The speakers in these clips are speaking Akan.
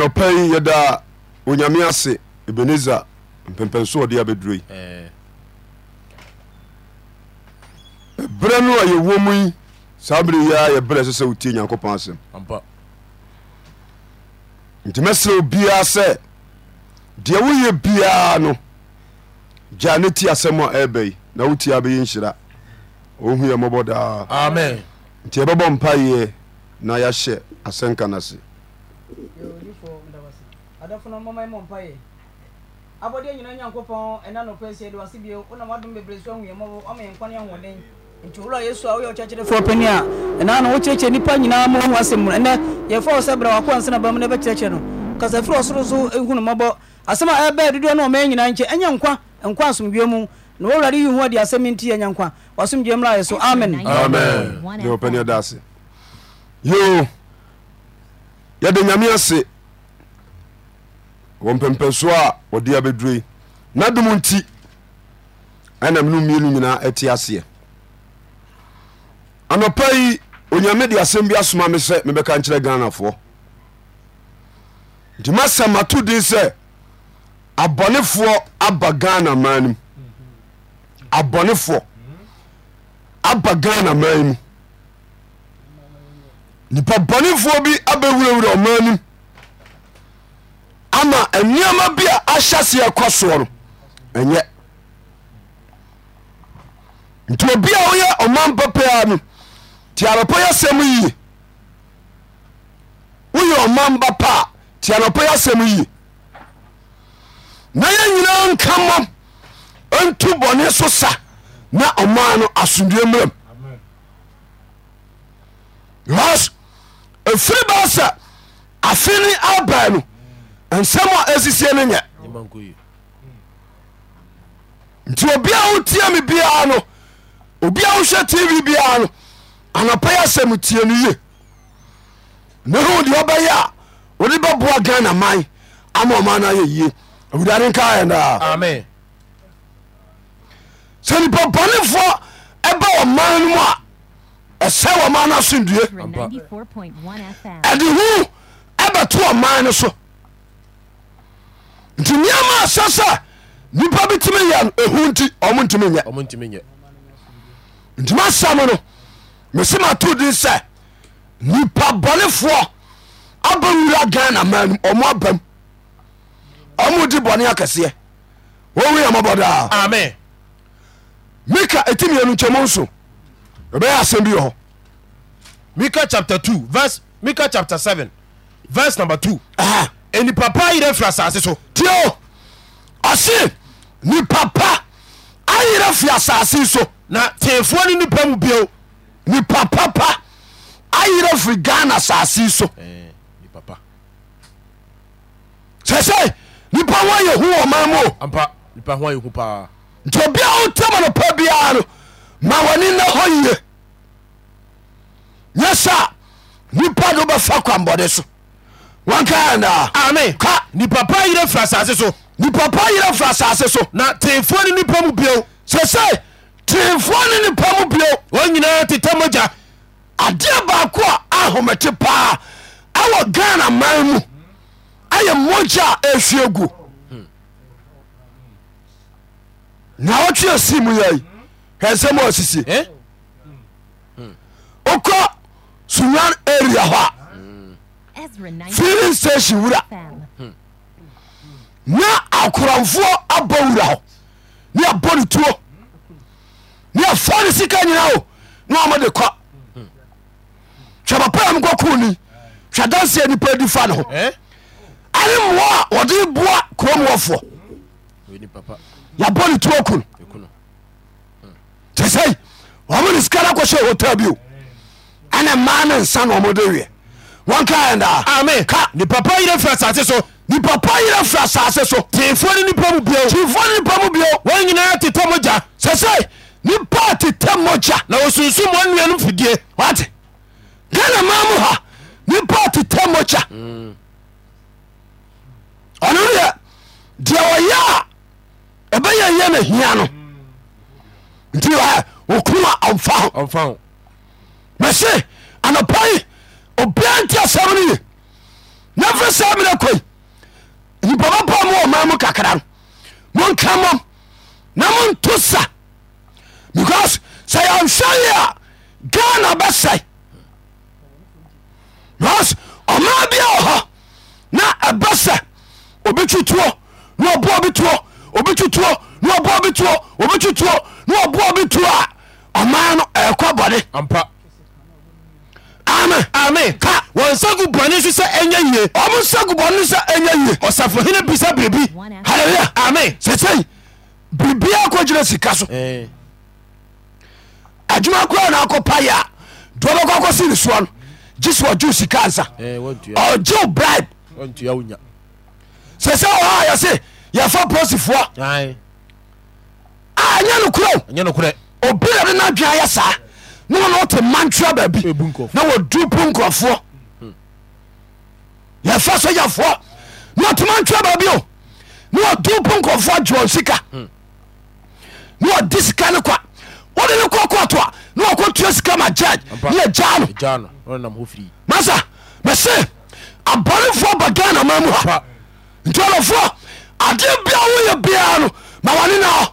nopɛyi yɛda onyame ase ibeneza mpɛpɛsoɔde abɛdri eh. berɛ no ayɛwɔmuyi saa bireyia yɛberɛ ɛsɛ sɛ wotie nyankopɔn asɛm nti mɛserɛwo biaa sɛ deɛ woyɛ biaa no gyaa ne ti asɛ m a ɛbɛyi na wotia bɛyɛ nhyira ɔhu ɛ mɔbɔdaa nti ɛbɛbɔ mpayɛɛ na yɛahyɛ asɛm kanoase abɔdeɛ nyina nyankopɔn ɛna nɔpɛ sɛ ɛde wase bio wonam adom bebree so ahuɛmmɔbɔ ama yɛ nkwa ahoɔden nti wowura yesu a woyɛ ɔkyerɛkyerɛfoɔ pani a ɛnaa na wokyerɛkyerɛ nnipa nyinaa ma wahu asɛm mu ɛnɛ yɛfa wo sɛ brɛ no no kasa firi ɔsoro so asɛm a ɛbɛɛ dodoɔ no ɔma nyinaa nkyɛ ɛnyɛ nkwa nkwa mu na wɔwurade yi ade asɛm nti nkwa mmra yɛ so amen amen ase yɛde nyame ase wɔ pɛmpɛ soɔ a ɔde abɛdurei na domo nti ɛname nomie no nyinaa ɛti aseɛ anɔpa yi oyame de asɛm bi asoma me sɛ mebɛka nkyerɛ ghanafoɔ ntimasa mato din sɛ abɔnefoɔ aba ghana man m abɔnefoɔ aba ghana man mu nipa bɔnefoɔ bi abɛwurawura ɔma nim ama nneɛma bi a ahyɛseɛ kɔ soɔ no ɛnyɛ nti obi a woyɛ ɔman papaa no tianɔpɔ yɛ sɛm yie woyɛ ɔman ba paa tianɔpɔ yɛ sɛm yie na yɛ nyinaa nka mmɔm ɛntu bɔne so sa na ɔman no asomdue mmiram because ɛfiri basɛ afe ne albi no ɛnsɛm a asisie no yɛ nti obia wotie me biara no obia wohwɛ tv biara no anapɛyɛ asɛm tie no ye ne huu deɛ ɔbɛyɛ a wode bɛboa ga na man ama ɔma no ayɛ yie owidane nka ɛnaa sɛ nipa bɔnefoɔ ɛbɛwɔ ma nomu a ɛsɛ wɔma no asomdue ɛde hu ɛbɛto ɔman no so nti nneɛma asɛ sɛ nnipa bi timi yɛ no ɛhu nti ɔmo ntumi nyɛ nti masɛm no mese matoo din sɛ nnipa bɔnefoɔ aba wura ghana manum ɔmo abam ɔmo di bɔne akɛseɛ wɔwi amabɔdaa mika ɛtimiɛnu nkyɛmu nso ɛbɛyɛ asɛm bi wɔhɔ mika chapt tmika chapt vrs nb t e nipa pa ayerɛ firi asase so tio ɔse nipa pa ayerɛ fri asase so na tefoɔ no nipa mubio nipapapa ayerɛ fri ghana asase soipa sɛsɛ nipa ho ayɛhu ɔma mɛntobia tmɔnɔpa bia mawɔne na hɔ ye yɛsa nipa do wobɛfa kwa nbɔde so wankaaa ae a nnipa paer nnipa pa yerɛ frɛ sase so na tefoɔ no nipa mu bi sɛsɛ temfoɔ no nipa mu bi ɔnyinaa teta mya adeɛ baakoa ahomte paa awɔ ghana man mu ayɛ mmoga ahe gu nawɔteasimy hɛsɛm ɔsisie eh? wokɔ hmm. suwan area hɔ a filling station wura hmm. na akoramfoɔ abɔ wura hɔ ne abɔ ne tuo ne afa ne sika nyina o na ɔmode kɔ hmm. hwɛ papa yam kɔko ni hwɛ danseɛ nipa di fa ne ho eh? ane mmoa a wɔde boa kurom wɔfoɔ yɛabɔ ne tuo kun te sei ɔmone sika no akɔhyɛ hotel bio ɛne ma ne nsa na ɔmode wiɛ wɔnkaɛndaa ame ka ne papa yerɛ firi asase so ne papa yerɛ firi asase so teefoɔ ne nipa mu bio teefoɔ ne nipa mu bio wɔn nyinaa tetɛ mogya sɛ sɛ nipa tetɛ mogya na wɔsunsum wɔn nnua no fidie wate ghana ma mu ha nipa tetɛ mogya ɔno deɛ deɛ ɔyɛ a ɛbɛyɛ yɛ no hia no okra mfa mese anpɔy obia ntiasɛmno ye ne frɛ sɛ mine koi nip bapɔ mowɔ mamo kakara no monka mom namoto sa because sɛ yamsaye a gana bɛsei beas ɔma bia hɔ na bɛse obɛtwuto outuwo oboɔ bi tu a ɔman kɔ bɔne sa kubɔne ssɛ yasbɔnɛɛyasfen bisa biribi sesei biribia kɔgyina sika so adwuma koranaakɔ paɛa duɔbɔkakɔ sene sua no esejeo sika ansaye bri sɛsɛyɛse yɛfo prosifu ɛnyɛ nokorɛ ɛnyɛ nokorɛ obi na de n'adwene sa, saa ne wɔn wɔte mantwa baabi na wɔdu pu nkurɔfoɔ hmm. yɛfa sogyafoɔ ne wɔte mantwa baabi o ne wɔdu pu nkurɔfoɔ gye wɔn sika hmm. ne wɔdi sika ne kwa wɔde ne kɔ kɔɔto a ne wɔkɔ tua sika ma gyɛn ne yɛ gyaa no masa mɛse abɔnefoɔ ba ghana ma mu ha nti ɔlɔfoɔ adeɛ bia woyɛ biara no ma wɔne na hɔ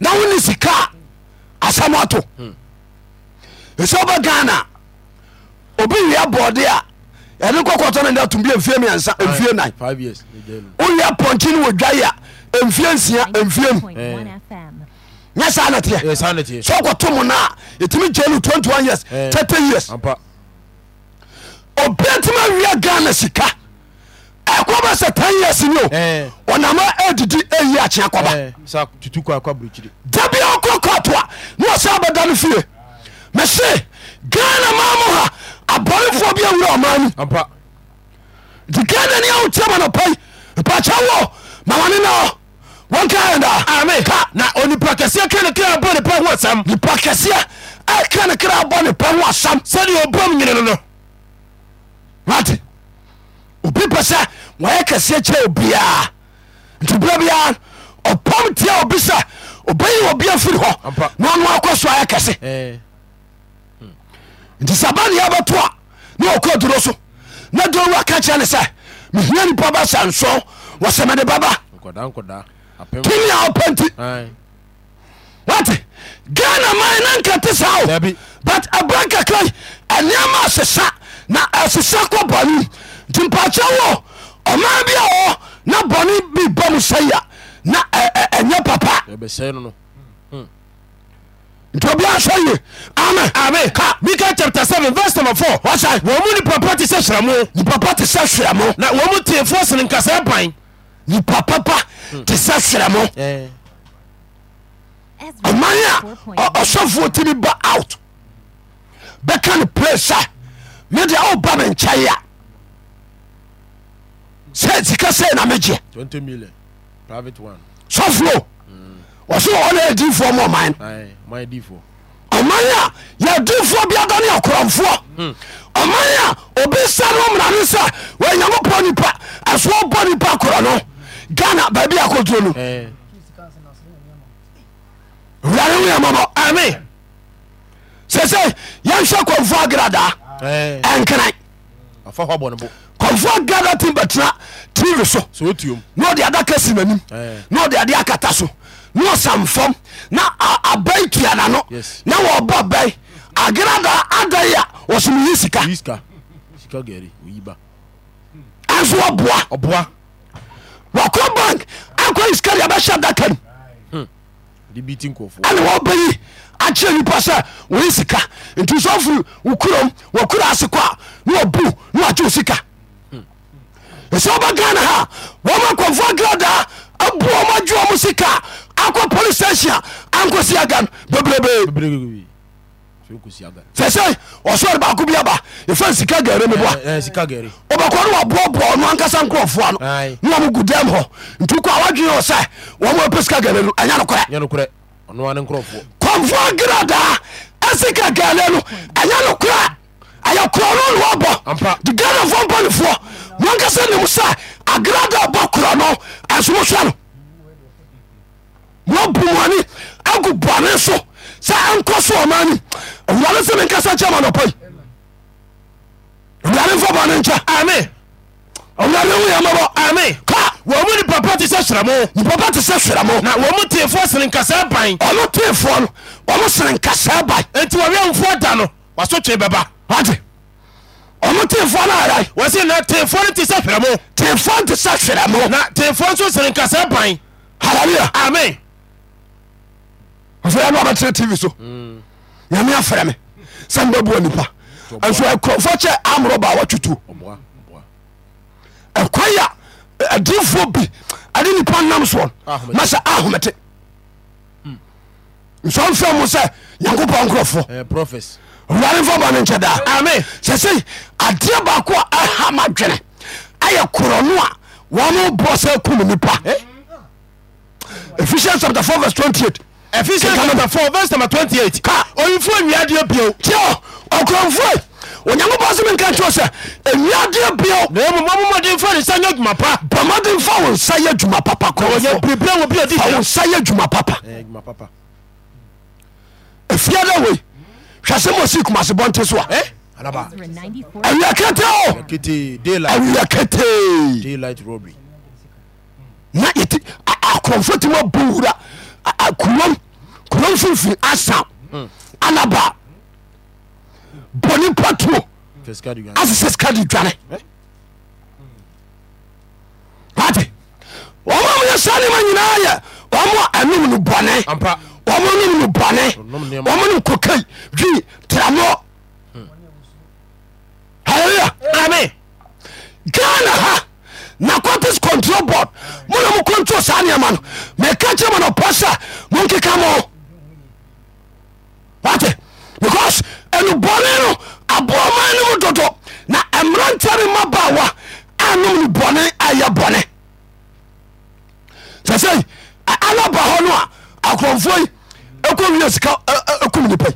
na wone sikaa asam ato ɛsɛ hmm. wobɛ ghana obi wia bɔɔde a ɛne kɔkɔtɔ no ndeatom bi mfie miɛnsa mfie nan wowia pɔnkye no wɔdwae a mfie nsia mfie mu eh. nyɛ saa neteɛ eh, sɛ wokɔto mo no a ɛtumi gye no 21 years 30 eh. years obi tumi awia ghana sika kobese tayesimio onam adidi ayi akian kobadabio kokotua sebodamo fie mese ganamamha aboef biwr mamu gdenao tiemanpai paka awnen npa ssepsaseeb yenpse wɔyɛ kɛseɛ kyerɛ obiaa nti berɛ biaa ɔpam tia obi sɛ obɛyi obia firi hɔ na ɔno akɔ so ayɛ kɛse nti sɛ ba ne yɛbɛto a na ɔkɔ duro so na duro wa ka kyerɛ ne sɛ mehia nipa ba sa nso wɔsɛ mede baba tumi a ɔpɛ nti wate ghana man na nka te saa o but abra kakra ɛnneɛma asesa na asesa kɔ bɔne nti wɔ ɔma biao na bɔne bi ba mu sɛia na aya papaka hap7 m npapɛeɛsermtfo sekasa yipa tesɛ serm maa ɔsɛfo tmi ba outa prasɛba sɛ sika sei na megyeɛ sɔfoo wɔso wɔne adifoɔ ma ɔman ɔman a yɛadifoɔ biada ne yɛkorɔmfoɔ ɔman a obi sa no mmara ne sɛ wɔanyankopɔn nipa ɛsoɔ bɔ nipa korɔ no ghana baabi akɔduro no wurare woyɛ mɔbɔ ame sɛ sɛ yɛnhwɛ kɔmfoɔ agradaa ɛnkenan kɔmfoɔ ghana team bɛtena tv so na ɔde adaka si n'anim na ɔde ade akata so na ɔsam fam na abai tua n'ano na wɔba bɛi agrada adai a wɔsom yi sika anso ɔboa wakɔ bank akɔ sika deɛ bɛhyɛ adaka no hmm. ɛne wɔbɛyi akyerɛ nipa sɛ woyi sika nti sɛ firi wo kurom wɔkura a na wɔbu na wakye sika ɛsɛ wobɛghana ha wɔma akɔmfoɔ gradaa abu ɔma adwuɔ mo sika akɔ police station a ankɔsi aga no bebrebee sɛ sɛ ɔsɔre baako bi aba yɛfa sika gare me boa wobɛkɔ eh, eh, no waboaboa ɔno ankasa nkurɔfoa no na ɔmo gu dam hɔ nti kɔ a wadwene wɔ sɛ wɔma ɛpɛ sika gare no ɛnya nokorɛ kɔmfoɔ gradaa asika gare no ɛnya nokorɛ ɛyɛ korɔ no ne wɔbɔ de ghanafoɔ mpanifoɔ moankasa nim sɛ agrada bɔ korɔ no ɛsomosoa no moabumoane agu bɔne so sɛ ɛnkɔ so ɔma ni awurade sɛ menkasa kyɛ ma nɔpɔi awurade mfa bɔne nkyɛ ame awurade wo yɛ mɔbɔ ame ka wɔn mu nipa papa te sɛ sramo nipa pa te sɛ sramo na wɔn mu teefoɔ sene nkasa ban ɔno teefoɔ no wɔn sene nkasa ban eti wɔn yɛ nfoɔ da no wasotwe bɛba wagye omo tifo no arai sn tf tsɛ ferɛmo tfo nt sɛ ferɛmo tf osernkasa ba hallelua ame syabobatera tv so nyamea frɛ me se nebaboa nipa nskurof khe amoroba wa twutu ɛkoya adifoo bi ade nipa nam soon masɛ ahomete nsonfa mo se nyankopɔn nkurɔfo ware mfa bɔne nkyɛ daa ame sɛ sei adeɛ baako a ɛha ma dwene ayɛ korɔno a wɔno bɔ sɛ kum nipa eh? ephesians chapter four, verse twenty-eight. ephesians chapter four, verse number 28 ka oyinfo nwiadeɛ bio tiɛ ɔkorɔmfoe onyankopɔn sɛ menka kyerɛ sɛ ɛnuadeɛ bio mmɔmɔdenfa ne nsa nyɛ adwuma pa bɔmɔdenfa wo nsa yɛ adwuma papa korɔfoɔ wo nsa yɛ adwuma papa semsikmasebontsaiketeket konotima boura eh? ro fifin asan alaba bone patumoassesekade jane omme sa nema yenaye omo anemn bone wɔmo nom no bɔne wɔmo nom kokai dwi tramoɔ halleluya ame ghana ha narcotics control board mona mo control saa nneɛma no meka kyerɛ ma no pɔ sɛ monkeka mo wate because ɛnubɔne no aboɔma no mu dodo na mmeranteɛ no ma ba wa anom no bɔne ayɛ bɔne sɛ sɛ alaba hɔ no a akorɔmfoɔ yi akɔ wia sika akum nipa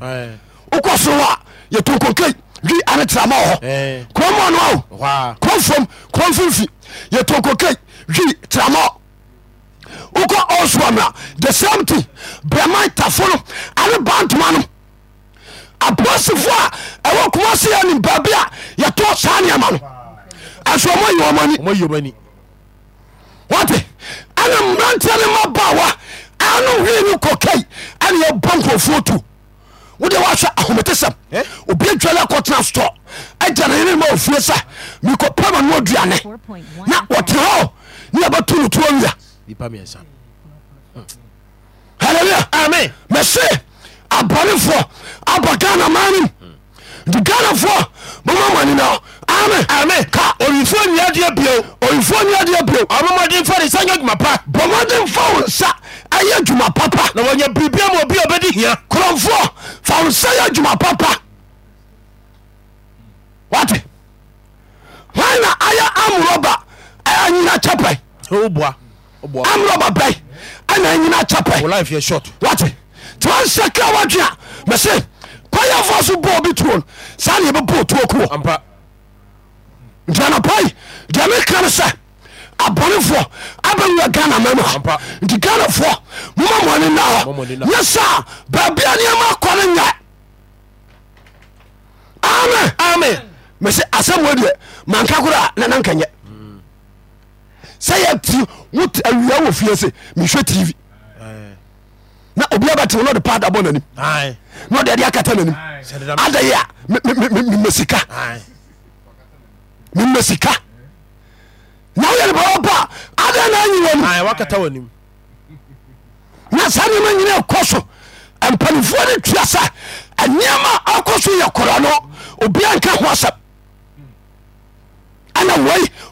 wokɔ soro a yɛto konkei wi ane trama wɔ hɔ kurɔmɔ no ao kurɔmfom kurɔmfomfi yɛto konkei wi trama wokɔ ɔsoa mra the same thing brɛma tafo no ane bantoma no aposifoɔ a ɛwɔ kuma se yɛ ne baabi a yɛto saa nneɛma no ɛso ɔmɔ yi ɔmani wate ɛne mmeranteɛ ne ma ba wa ano hwee ne kɔkai neyebonkofu otu wode waso ahumetesem eh? obi dale ko terasto eganayenenma ofie se meko pama neaduane na oteo neabaton tnaalel mese abone foo abo gana marem te gana foo bomamnina amen amen ka oyinfo ni adiẹ bio oyinfo ni adiẹ bio ọmọmọdé nfa de nsa nye juma pa bọmọdé nfa wọn nsa ayé juma papa na wọn yẹ biribi ama obi a ọbẹ di hìá kurọfọ fa wọn nsa yẹ juma papa wati wọn na ayé amúrọba ayé anyina chapẹ amúrọba bẹyì ẹna anyina chapẹ wati tí wọn nsẹ kí a wá dùn a mẹsẹ kọ́ yẹ fọ́ so bọ́ọ̀ bi tuwo sáà ni yẹ bẹ bọ́ọ̀ tuwo kú wọ. intianapa dea mekare se abonefuo abe muwa gana mam int gana fuo momomone naoyeson babianeama kone ye ame ame mese ase mua die mankakoroa na nkenye se ye t mawia wo fiye se me swe tv na obibete neodepadabona nim nodede akate na nim adeya mesika yeranys nayenaks mpanfone tuase nema ksy ko obika os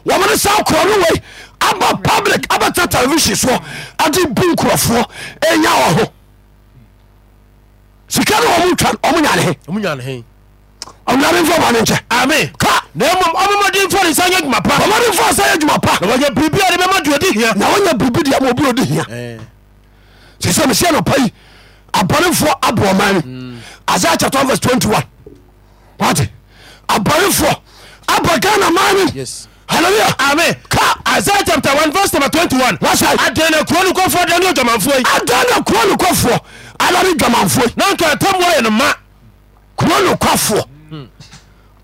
nwemenesa kroweb pbica telvin sdebunkrof yan ho sikan mmyae na nsa yɛ adwuma pa ɔmɔdenfoɔ nsa yɛ adwuma pa na wɔnyɛ biribi a ne bɛma deɛ hia na wɔnyɛ biribi deɛ ma obi ɔdi hia sɛ eh. sɛ mehyɛ no yi abɔnefoɔ aboɔ isaia hmm. chapter 1 verse 21 wate abɔnefoɔ abɔ ghana ma no hallelujah amen ka isaiah chapter one verse number wasa adana kuro ni kɔfoɔ dani o jamanfoɔ yi adana kuro ni kɔfoɔ alari jamanfoɔ yi n'an tɔ yɛ ni ma kuro ni kɔfoɔ.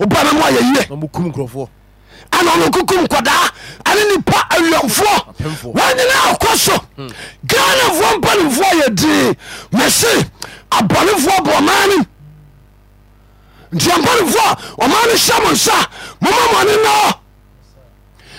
oba na mo ayɛ yie ana ɔno kukum nkɔdaa ane nipa awuamfoɔ wanyina akɔ so hmm. ghanafoɔ mpanimfoɔ yɛ dii mese abɔnefoɔ bɔ ɔmaa no nti ampanimfoɔ ɔmaa no hyɛ mo nsa moma mɔne nɔɔ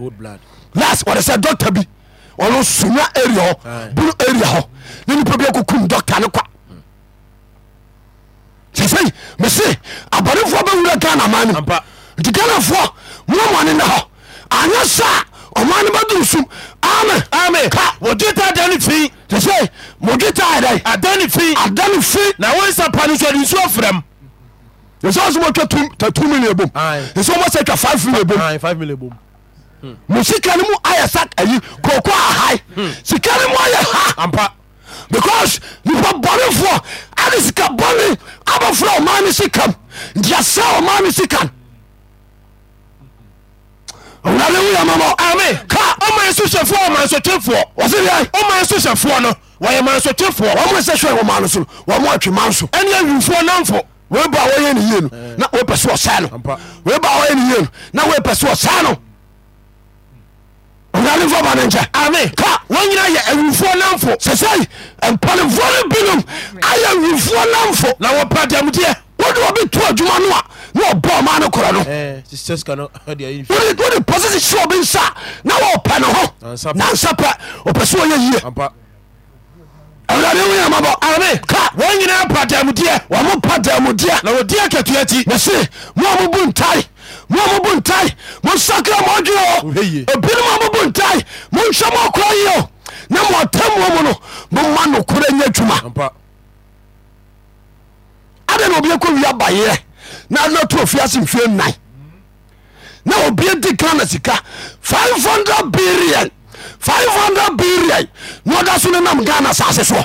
Last, las wɔde sɛ dɔkta bi ɔno sumia area hɔ buru area hɔ ne nipa bi akukum dɔkta ne kwa hmm. sɛsɛi mese abɔnefoɔ bɛwura ghana ma no nti ghanafoɔ moamɔne nɛ hɔ anyɛ saa ɔma no bɛduru sum ame ka wɔdweta ada ne fi sɛsɛ modweta ɛdɛ ada ne fi ada ne fi na wɔnsa pa no so ade nsuo frɛm ɛsɛ ɔsɛ wɔtwa tatumi ne ɛbom ɛsɛ wɔmɔ sɛ twa 5 million ɛbom mosikane mu ay sa ayi koko ahai sikane moayɛheause np nska faaa m sefmasfefma ɔwurade mfa bɔne nkyɛ ame ka wɔnyina yɛ awufoɔ namfo sɛ sɛi mpanimfoɔ no binom ayɛ awufoɔ namfo na wɔpɛ dɛmdeɛ wode wɔbɛto adwuma no a na ɔbɔ ɔma no korɔ no wode pɔsese hye ɔbi nsa na wɔpɛ ne ho nansa pɛ ɔpɛ sɛ wɔyɛ yie awurade wo yamabɔ ame ka wɔn nyinaa pa dɛmdeɛ wɔmo pa dɛmdeɛ na wɔdi akatua ti na se mo a mobu ntae mo a mobu ntai monsakra moodwene o obinom a mobu ntai monhwɛ mo kora yi o na moɔtamuo mu no moma nokora nya adwuma ada na obiɛ kɔ wia bayerɛ na na to ofiase mfie nnan na obiɛ di ghana sika hundred billion five hundred billion na ɔda so no nam ghana saase soɔ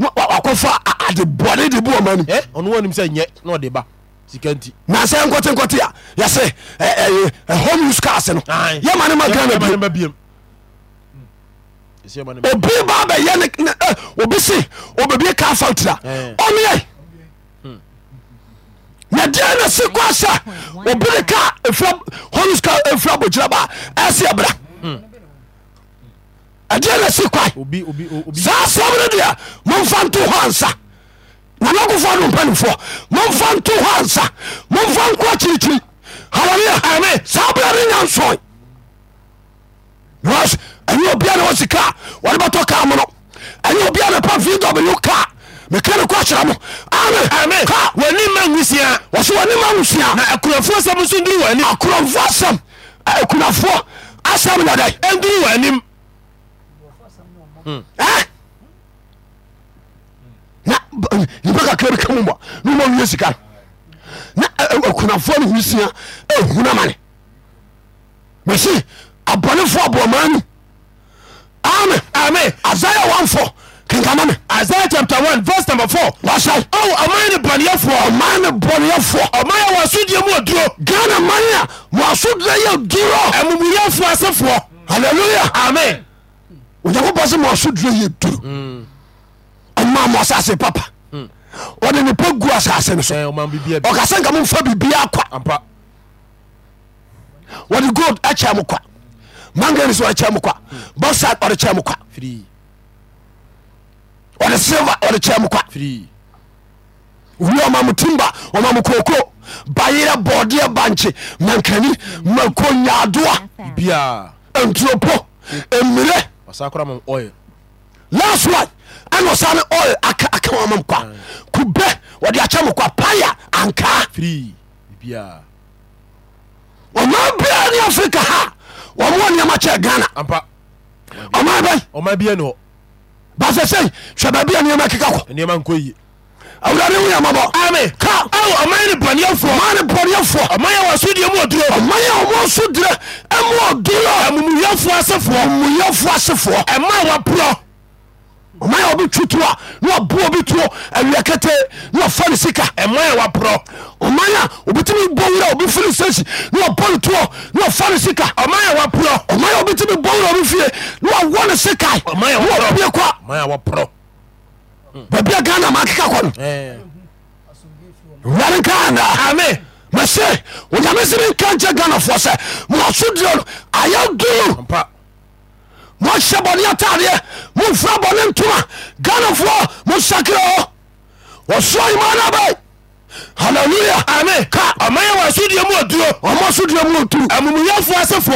wakf de bnedebmansykttyseome s case yɛ manemakra hmm. obi ba beyeobse obebi kafatra eh. n ed hmm. na seko se obne ka fr boirabasybra ɛdeɛ na si kwae saa asɛm no deɛ momfa nto hɔ ansa nanakofoɔ no mpanifoɔ momfa nto hɔ ansa momfa nko akyirikyiri hawane hame saa bra ne nya nsoe because ɛnyɛ obia na wɔsi kaa wɔde bɛtɔ kaa mo no ɛnyɛ obia na pa vw kaa meka ne kɔkyerɛ mo ame ka w'ani ma nwusia wɔso w'ani ma nwusia na akunafoɔ asɛm nso nduru w'anim akunafoɔ asɛm akunafoɔ asɛm nadɛ ɛnduru w'anim nekakerk sika n kunafun sia unmane mese abonefo bo mami aamn isaya one fo kekamane isaia chapter one verse numbe foursmne oh, banyefmn byfsudimdo gan maa asud yero mumua fu sefo aleluaamn onyankopɔn sɛ maɔsoduro yɛ duru mm. ɔma ma ɔsase papa mm. ɔde nepa gu asase no so eh, ɔkasɛ nka momfa bibia kwa wɔde gold akyɛ mo kwa mangani so ɔdekyɛ mo kwa mm. bosat ɔdekyɛ mo kwa ɔde silver ɔdekyɛ mo kwa wie ɔma mo timba ɔma mo kooko bayerɛ bɔɔdeɛ bankye mankani mako nyaadoa nturopo mmire last one ɛna ɔsa ne oil aka aka wɔn mu kwa kube wɔde akyɛ mu kwa paya ankaa Free. bia ne afrika ha wɔn wɔ nneɛma kyɛ ghana ɔman bɛn ɔman bia ne hɔ baasa sɛn hwɛ baabi a nneɛma keka kɔ nneɛma nkɔ yie awurade wo yamabɔ ami ka awo ɔman ni bɔnɛfoɔ ɔman ni bɔnɛfoɔ ɔman yɛ wɔ sudie mu oduro ɔman yɛ wɔn sudire ɛmu oduro ɛmumuyɛfoɔ asefoɔ ɛmumuyɛfoɔ asefoɔ ɛma wɔporɔ ɔman yɛ wɔbi tutu a na ɔbu obi tuo ɛwia kete No ɔfa ne sika ɛma yɛ wɔporɔ ɔman yɛ obitumi bɔ wura obi firi No na ɔbɔ ne tuo na ɔfa ne sika ɔman yɛ wɔporɔ ɔman yɛ obitumi bɔ wura obi fili. No ɔwɔ ne sika ɔman yɛ wɔporɔ bebia gana ma keka kone yarikaa me mese oyamesemekanje gana fuo se mo so dio aya duu mose boneya tadeɛ mofra bone toma ganafuo mosakira osuaimanabai aleluyame ka mayew su di mudo masudo mutru mmuye fu asf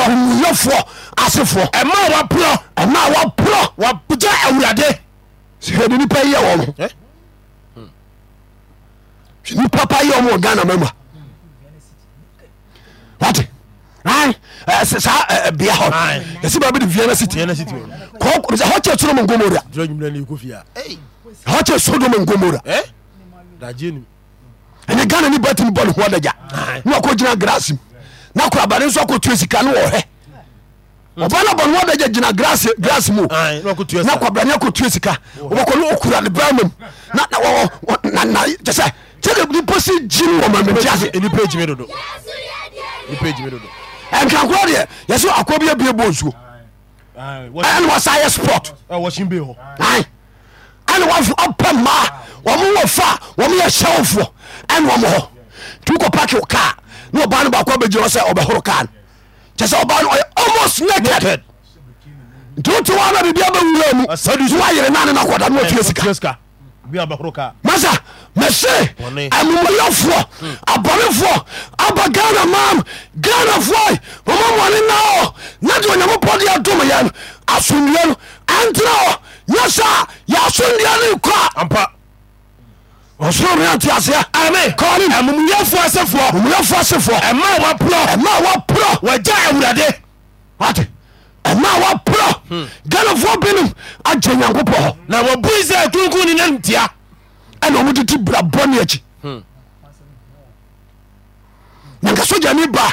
f asf mawamu j wrae nni payeom n papa yeomo gana mama tsa biahoesi bbidi viena sitesodomgrh sodome gomora ene gana ni batimi bod hudeyanwko gina grasm nakra badensoko tu sika n obanebndee gina grassemu nkan tuasika kranem npose ina kakro de yeso akobia bi bouonwasaye sport npema ay sef nh pakeka kyɛsɛ ɔba no ɔyɛ almost naked nti wote wa na biribia bɛwura mu nti woayere na ne na kɔda ne wafie sika masa mese amumɔyɛfoɔ abɔnefoɔ aba ghana mam ghanafoɔ ɔmamɔne na ɔ na de onyankopɔn de adom yɛ no asomdua no antena ɔ nyɛ sɛ yɛ asomdua no kɔa ɔsorome anteaseɛ ame kɔne amumuyɛfoɔ asefoɔ mumuyɛfoɔ asefoɔ ɛma waporɔ ɛma waporɔ wɔgya awurade wate ɛma waporɔ ghanafoɔ binom agye nyankopɔn hɔ na wɔbui sɛ kunkun ne nam tia ɛna ɔmodete bra bɔne akyi nanka sogyane ba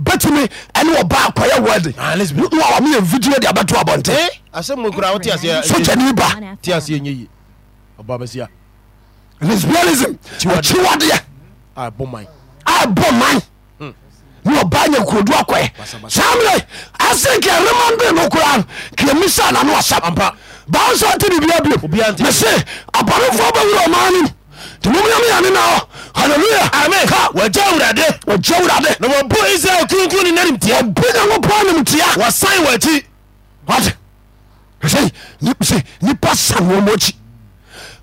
bɛtumi ɛne wɔba akɔyɛ wade wameyɛ video de abɛto abɔnte sogyane ba lesbianism akyiwadeɛ abɔ man ne ɔba nya kurodu akɔɛ saa mmerɛ ase ke ɛrema mbe no koraa kɛmi sa na ne wasɛm baa nsa te bia me se abɔnefoɔ bɛwerɛ ɔma na israel ne nanimtia nipa san wɔmɔkyi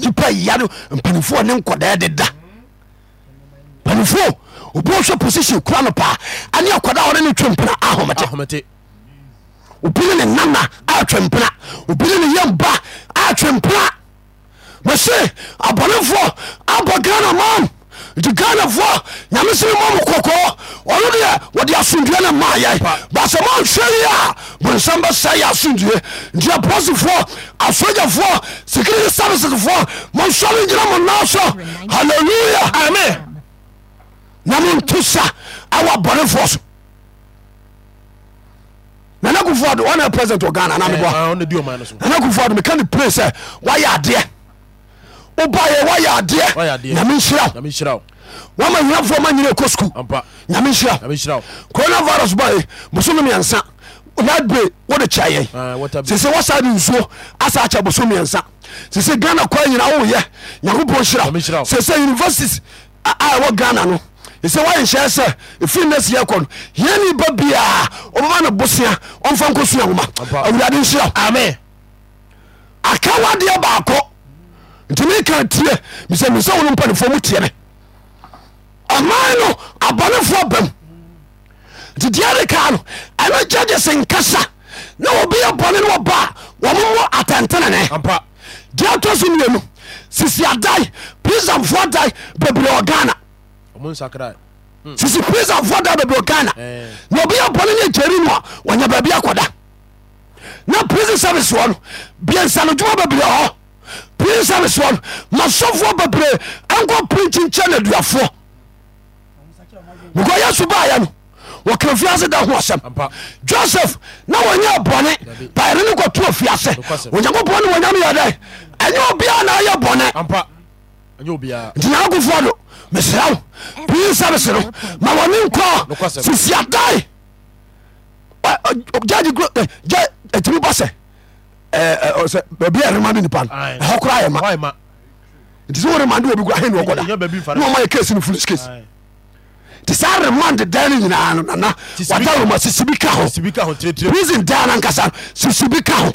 nipa yia no mpanimfoɔ ne nkɔdaa deda mpanimfoɔ obi wɔhwɛ position kura no paa ane akɔdaa wɔde ne twɛ mpena ahomete obi ne ne nana atwɛ mpena obi ne ne yɛ mba atwɛ mpena abɔnefoɔ abɔ ghana man te ghanafoo yame seme mɔ mo kokoo ɔnode wode asondue ne maye basmasoa bsmbesaye asode dapresefo asoafoo security services foo masole yira monaso aleluyame namonto sa awa bodefo so ent wobayɛ woayɛ adeɛ nyame nhyira wama hinafoɔ ma nyina ɛkɔ skul nyame nhyira coronavirus bae bosome miɛnsa ladbe wode kyɛyɛ ah, sɛsɛ wasa ne nsuo asa akyɛ bosome miɛnsa sɛsɛ ghana kwa nyina woyɛ nyankopɔn hyira sɛsɛ universities a ɛwɔ ghana no ɛsɛ woayɛnhyɛɛ sɛ ɛfiri na siyɛ kɔ no yɛne ba biaa ɔbɛma no bosea ɔmfa nkɔ sua woma awurade nhyira ame akawadeɛ baakɔ nti meke tie mise miso wonompanefo mo tieme ma hmm. no abanefo bam nt dadeka n jugese nkasa n obe bnnba atantaan deatoso n sisi ada prisenfo da beberprson seies prin service wɔn masɔfoɔ bebree ɛnkɔ prenkyi nkyɛn aduafoɔ because yɛsu baayɛ no wɔkra fiase da ho asɛm joseph na wɔnyɛ bɔne bayere ne kɔtoa fiase onyankopɔn ne wɔnyame yɛ dɛ ɛnyɛ obiaa na ɛyɛ bɔne nti nyankofoɔ do mesrɛ wo prin service no ma wɔne nkɔ sisiadae jage atumi bɔ sɛ sɛ baabi a ɛrema no nipa no ɛhɔ koraa yɛ ma nti sɛ worema de obi gu ahe ne wɔkɔda ne ɔma yɛ case no foolish case nti saa remand dan no nyinaa no nana wada roma sisibi ka ho prison dan no ankasa no sisibi ka ho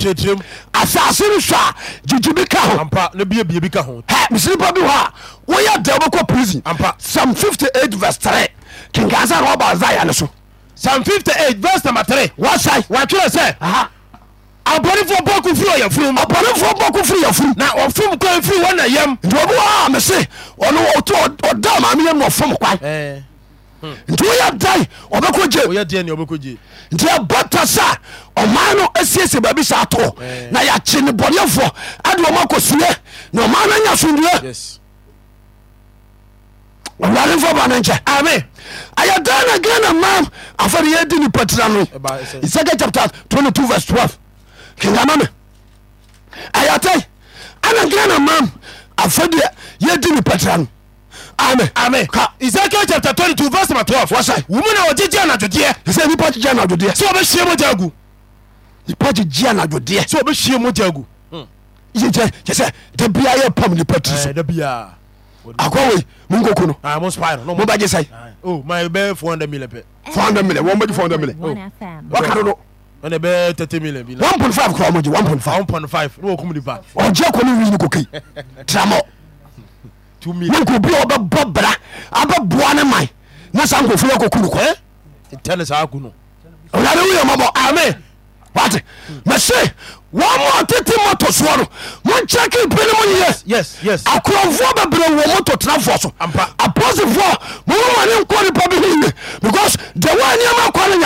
asase no so a gyigyi bi ka ho mesiri pa bi hɔ a woyɛ da wobɛkɔ prison psalm 58 vs 3 kenkansa na wɔba isaia no so psalm 58 vs 3 wɔsae wɔatwerɛ sɛ abɔnefoɔ bɔko firi ɔyɛ furu mu. abɔnefoɔ bɔko firi yɛ furu. na ɔfum kwan firi wɔn na yam. nti ɔbi wa mese ɔno ɔtɔ ɔda maame yam na ɔfum kwan. nti oyɛ dan ɔbɛko gye. oyɛ diɛ ni ɔbɛko gye. nti ɛbata sa ɔman no esiesie baabi sa atɔ na yɛakye ne bɔnefoɔ adi wɔn akɔ sue na ɔman no nya sundue. ɔwurade nfa ba ne nkyɛ. ami ayɛ dan na ghana mam afɔri yɛ di ni patira no. second chapter twenty two verse twelve. kengemame ayate anagran mam afadie hmm. ye di nipatri a ame e qel 222 me idajud nipjena ajude e ijeanaajud emag dabia ye pam nipatiso akwawe mukkono mobaje seil il ɛna ɛbɛyɛ thirty million bi na. one point five kura ɔmɔ jɛ one point five. one point five ne wɔ kum nipa. ɔjɛ kɔni wuli ni ko kei tiramɔ. two million. ne ko bi a bɛ bɔ bala a bɛ bɔ ne ma ye ne san ko fɔlɔ ko kunu kɔ. n tɛ ne san kunu. o yɛrɛ wuli yɛrɛ ma bɔ ami waati mɛ se wɔn mɔ tete mɔtɔ soɔ no mo n cɛ k'i pele mo ye. yes yes. a kuranfoɔ bɛ bɛrɛ wɔ mɔtɔ tina fɔ so. a pɔsi fɔ mo ma ni n kɔ ni ye because jɛwa ni a ma kɔ ni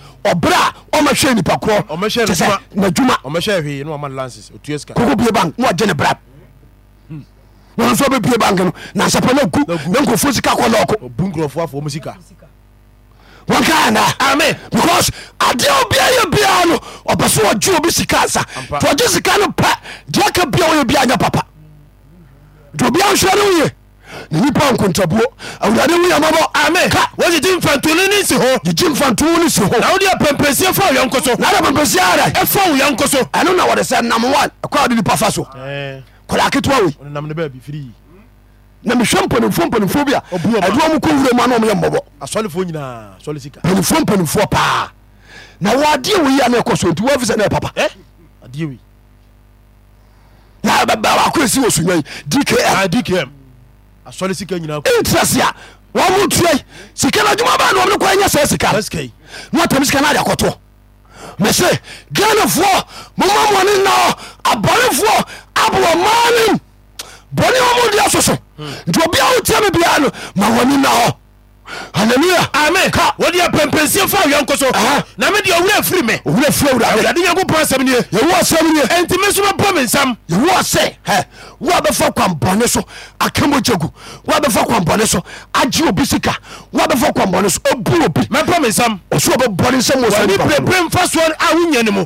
ɔberɛ a ɔmɛhwɛ nipa korɔsɛ nadwuma koko bie bank na ɔgye ne bra wọn nso bɛ bie bank no hmm. nansapɛ na gu na nkurɔfoɔ sika kɔ lɔɔko wọn ka ana amen because adeɛ obia yɛ bia no ɔpɛ so ɔgye obi sika asa to ɔgye sika no pɛ deɛ ka bia wɔyɛ bia nyɛ papa nti obia nhwɛ no ye eepakotabo m ah, asɔre sika nyinaa interest a wɔn mu tuai sika na adwuma baa na wɔn ne kɔ nyɛ sɛ sika na wɔtɛm sika na adi akɔtɔ mɛsɛ ghanafoɔ mɔmɔ mɔni na abɔnefoɔ aboɔ maa ni bɔnni wɔn mu di asoso hmm. nti obi a wotia mi biara no ma wɔn na hɔ hallelujah amen ka wọ́n di yà pẹ̀mpẹ̀nsẹ̀ fún àwọn yọ̀nkọ́ so na mi di owurẹ̀ firi mi owurẹ̀ firi owurẹ̀ awurẹ̀ adi yankun pọ̀ asẹ́mu ni ye yewu asẹ́mu ni ye ẹnti mi sọ ma bọ́ mi nsàm. yewu asẹ́ ẹ wọ́n abẹ́ fọ́ kwambọ́ni so akẹ́mọ̀jẹ̀gù wọ́n abẹ́ fọ́ kwambọ́ni so ají obi sika wọ́n abẹ́ fọ́ kwambọ́ni so ebu obi. mẹ bọ́ mi nsàm. ọ̀ṣun ọbẹ̀ bọ́ ni nsàm wọ́n sẹ́ni bàbá mi. wọ́n ní pèpè nfa sọ́ọ́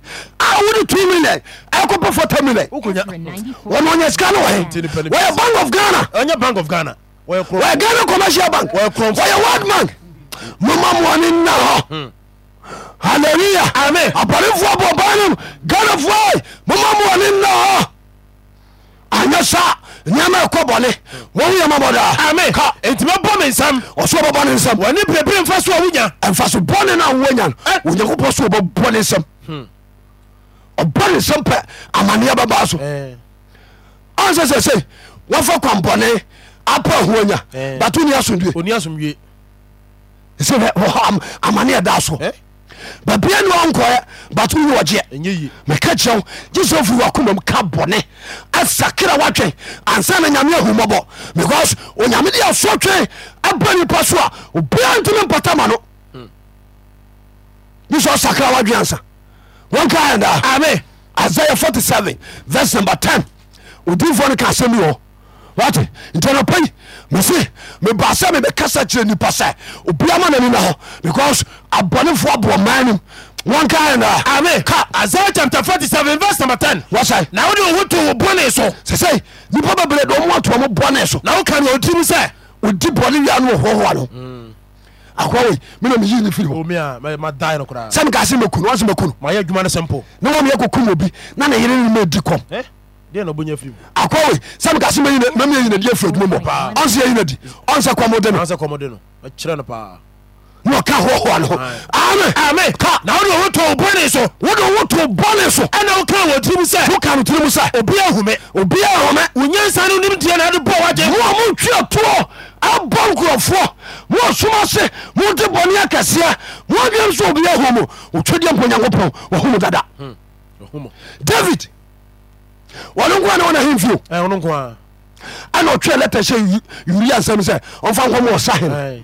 awd tmi ktmiskybank of ghanaghanaommeria bankyd ank mmmnvnemmny skbo b ɔbɔne sɛm pɛ amanneɛ bɛbaa so eh sɛ se wafa sait apa ahoanya but woni asomdue sɛ amanneɛ da so babia ne ɔnkɔɛ but woyɛ ɔgyeɛ meka mais wo gye sɛ firi wakomam ka ansa na nyame because onyame de aso twɛn aba so a obiaa ntimi mpɔtama no sakira wọn ká yẹn da. ami Isaiah forty seven verse number ten odinfo ni kan sẹmi wọ wati ntẹnɛ pɛyi mese meba sɛ mebe kasa kyerɛ nipa sɛ obiama nani na hɔ because abɔnefoɔ boɔ maa nim wọn ká yẹn da. ami ka Isaiah chapter forty seven verse number ten. wɔsɛ. na o de o to o bɔnɛ so. sɛsɛ nipa bɛbɛrɛ de o mu ato o mu bɔnɛ so. na o kan o di mu sɛ o di bɔnɛ wi anu o akɔwe mena meyi ne firi sɛ mekase makunu ɔse makunu na wameyɛ kokum obi na ne yere ne madi kɔm akɔwe eh? sɛ mekase mameyɛyinadi afiri aduma mɔ ɔnse yɛyinadi ɔnsɛ kɔmode no wɔka hɔhoa no ho ame ka na wode woto bɔne so wode woto bɔne so ɛna woka wɔ tirim sɛ woka no tirim sɛ obia hume obia hume wonyansa no nim deɛ na de bɔ wagye moa motwea toɔ abɔ nkurɔfoɔ moasoma se mode bɔne akɛseɛ moadwam sɛ obia hu mu wotwadeɛ mpo nyankopɔn wahomu dada hmm. david wɔno nkoa ne wɔnahemfio ɛna ɔtwea lɛtɛ hyɛ uria nsɛm sɛ ɔmfa nkɔmɔ wɔ sahem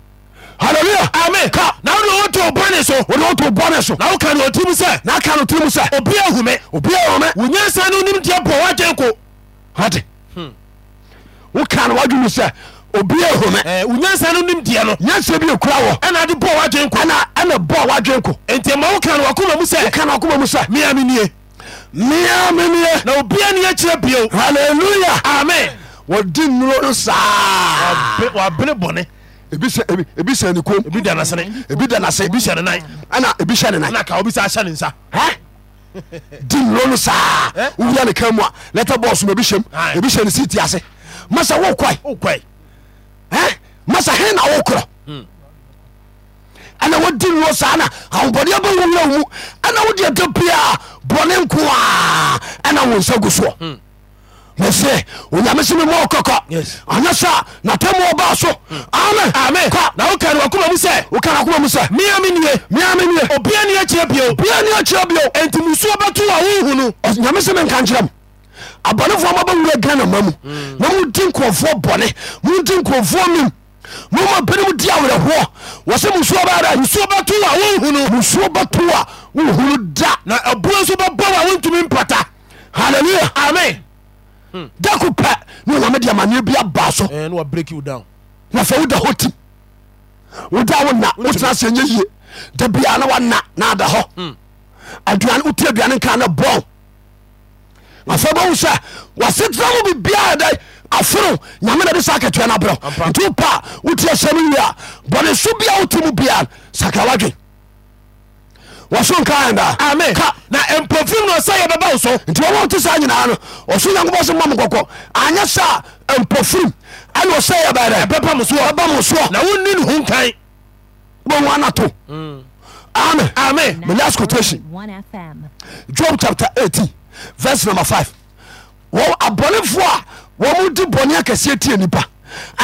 halleluya ami ka na wone woto bɔne so wone woto bɔne so na woka no ɔtirim sɛ na aka no tirim sɛ obia hume obia hume wonyansa no wonim deɛ bɔ woagye ko ade woka no woadwene sɛ obia hume wonyansa no nim deɛ no nyansa bi ekura wɔ ɛna de bɔ woagye ko ɛna ɛna bɔ woagye ko nti ma woka no wakoma mu sɛ woka no wakoma mu sɛ mea menie mea menie na obia ne akyerɛ bio halleluya amen wɔdi nnuro no saa wabene bɔne ebi sɛ ne kom ebi da nasene ebi da nase ebi hyɛ ne nan ɛna ebi hyɛ ne nan ɛna ka obi sa ahyɛ ne nsa di nnuro no saa wowura ne kan mu a lɛtɛ bɔɔso ma ebi hyɛ mu ebi hyɛ ne siiti ase masa wo kɔe masa hen na wo korɔ ɛna hmm. wodi nnuro saa na ahobɔdeɛ bɛwowura wo mu ɛna wodeɛ da bia bɔne nko a ɛna wo nsa gu soɔ hmm. mese onyame seme memo okɔkɔ anyɛ sa natamu ɔba so amnwokanwakoma mu sɛ wokanakoma a abɔnefoɔ mabɛwura ghana ma mu mm. na modi nkurɔfoɔ bɔne modi nkurɔfoɔ mim moma binom di awerɛhoɔ wɔ sɛ musuo bɛda musuo bɛto musuo bɛto a da na abua nso bɛbɔ wa wontumi mpata halleluya amen deko pe nenyame deaamaneɛ biaba so eh, nafe wodaho tim woda wona wotenas ye ye da bia ne wana nadaho wot hmm. aduane kane bo afa bowu se waseteramo bebia de aforo yamene de sake tuana berent pa wotisem wa but so bia wotumo bia saka wae smofris ntiwato sa yinan oso yankomose ma mo koko aye sa mpofrim nsn nhka bante a abonefoa wamde boneakesiɛ ati nipa n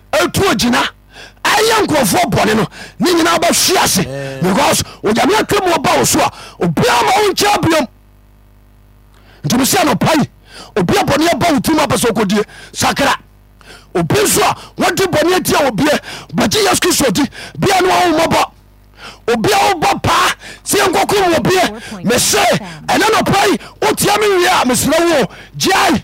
ɛtuo gyina ɛyɛ nkurɔfoɔ bɔne no ne nyinaa wobɛhwe ase because onyame atwamuɔ ba wo so a obia ma wo nkyɛ biom nti mesɛ no pai obia bɔne ɛba wo tirim apɛ sɛ wokɔdie sakra obi nso a wɔde bɔne atia obie bagye yesu kristo di bia ne wawomɔbɔ obia wobɔ paa sɛ yɛnkɔkom wɔ bie mese ɛnɛ nɔpai wotia me wie a mesrɛ wo gyae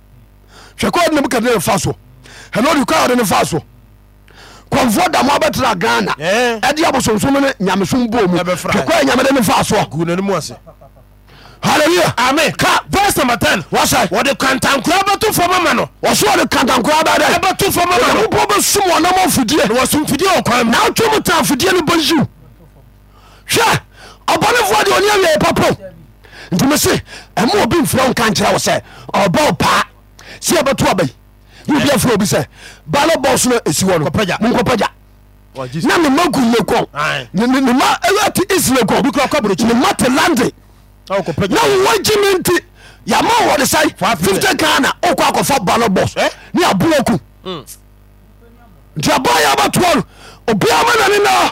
hwɛ kɔ ɔde nebukadnezar fa so herode kɔ a ne fa so kɔnfoɔ da mo abɛtera ghana ɛde abosonsom ne nyamesom bɔɔ mu hwɛ kɔ nyamede ne fa soɔ hallelujah amen ka verse number ten wasa wɔde kantankura bɛto fam ama no wɔso wɔde kantankura bɛ dɛ ɛbɛto fam ama no wɔbɔ bɛ sum wɔn nam afidie na wɔsum fidie ɔkwan mu n'atwe mu tan afidie no bɔ yiw hwɛ ɔbɔnifoɔ de ɔni awie papo ntumisi ɛmu obi nfura nkankyerɛ wɔ sɛ ɔbɔ paa seyabatuwa bei bia fun obise bale bos no esiwan moka paja na nemagu leg t esle g nema telande na wwa ji mente yama wodisai fite kaana okakofa balo bos ne abua ku intaboa mm. ya batua obia mannn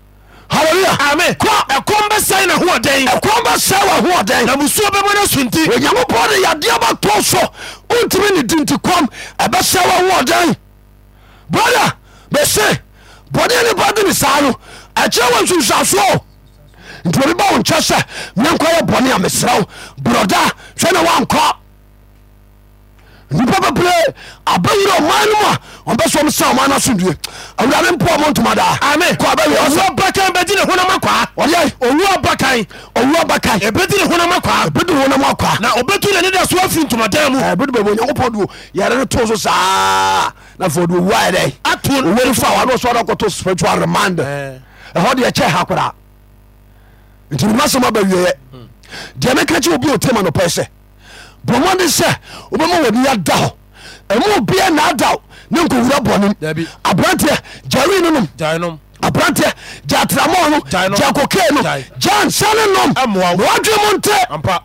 aaɛsɛnɛsɛ wonmusua bɛmɔno sonti nyankopɔ de yɛdeɛba to so wontimi ne dintikom ɛbɛsɛ w hoɔden brata bɛsen bɔneane badene saa no ɛkyerɛ wɔ nsosa soo nti omi bɛwo nkyeɛ sɛ mianka yɛ bɔne ameserɛ w borɔda wɛna wonkɔ nipa bebree abeyere ɔman no mu a ɔbɛsɛ ɔm sa ɔma no asomdue awurade mpo ɔmo ntoma daa ame ɔsɛ ɔbakan bɛdi ne honam akwaa ɔdeɛ ɔwu ɔbakan ɔwu ɔbakan ɛbɛdi ne honam akwaa ɛbɛdi ne honam akwaa na ɔbɛtu n'ani da so afiri ntomadan mu ɛbɛdi bɛmu onyankopɔn duo yɛre no too so saa na afei ɔde owu ayɛ dɛ ato owu no fa wa ne ɔsɛ ɔde akɔto spiritual remand ɛhɔ deɛ kyɛ ha koraa nti memasɛm abawieyɛ deɛ meka kyɛ obi ɔtema nopɛ sɛ bɔmɔde sɛ wobɛma wɔniadaw ɛmu bia naadaw ne nkowura bɔnem abrantɛ jawinonbrantɛ ya atramakok no ja nsɛne nommoadwe mo nte a pɛ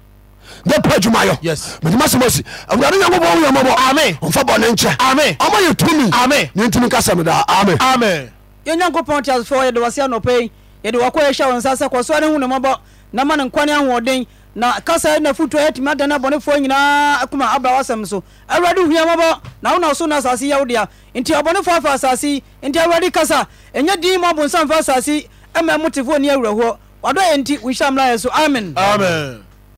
adwuma yɔ eimassi awade onyankopɔ yɔɔ ɔfa bɔne nkyɛ ɔa yɛ tm mkasamedaanyankopɔn tas yɛdewase nɔpɛ yɛdewakɛhyɛonsaɛkosoaehuneɔɔ nmane nkwane ahoɔden na kasa na futu ɛyɛ na bone abɔnefoɔ nyinaa akuma abra wasem so awurade hu mɔbɔ na wo so na asase ya dea nti fo afa asase nti awurade kasa ɛnyɛ din mu abonsamfa asase sasi mu motivo ni awrahuo wado yɛ nti wohyɛ yeso so amen amen